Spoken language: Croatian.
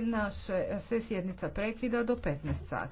Naša se sjednica prekida do 15 sati.